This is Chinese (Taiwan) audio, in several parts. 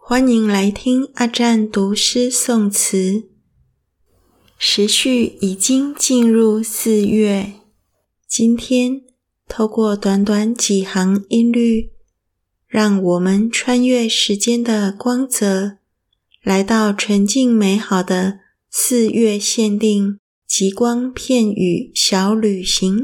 歡迎來聽阿戰讀詩宋詞。時序已經進入四月，今天透過短短幾行音律，讓我們穿越時間的光澤，來到純淨美好的。四月限定，極光片羽小旅行。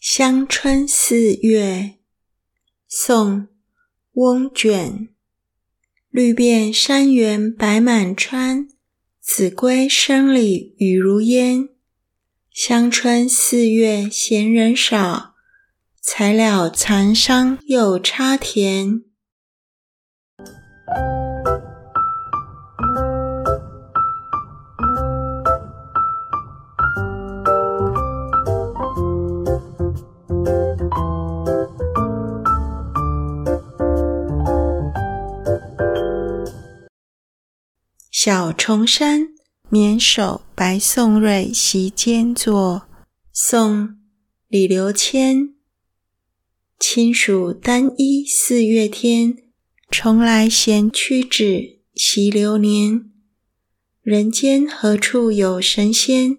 鄉村四月，宋·翁卷。綠遍山原，白滿川。子規聲裏雨如煙，鄉村四月閒人少，才了蠶桑又插田。小重山，綿守白宋瑞席間作，宋李流謙。輕暑單衣四月天，重來閒屈指，惜流年。人間何處有神仙？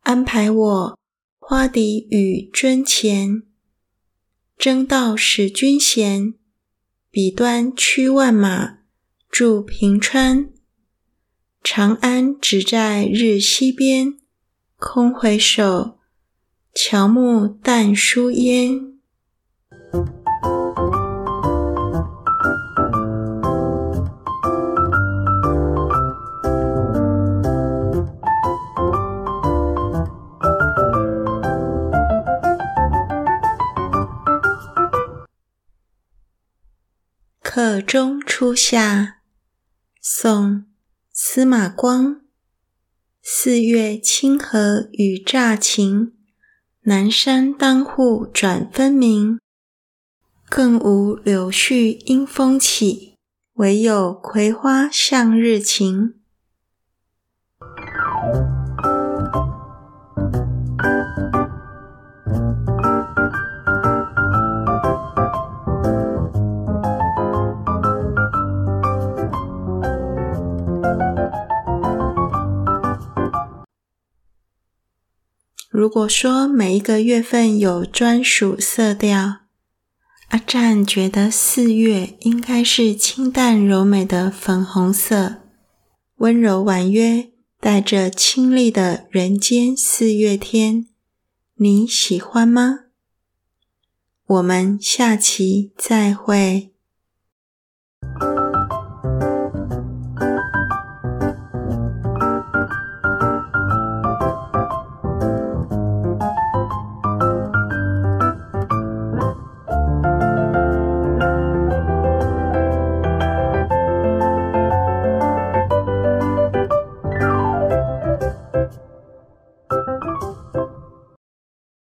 安排我花底與尊前。爭道使君賢，筆端驅萬馬，駐平川。長安只在日西邊，空回首，喬木淡疏煙。客中初夏，宋。司馬光，四月清和雨乍晴，南山當戶轉分明。更無柳絮因風起，唯有葵花向日晴。如果說每一個月份有專屬色調，阿占覺得四月應該是清淡柔美的粉紅色，溫柔婉約，帶着清麗的人間四月天。你喜歡嗎？我們下期再會。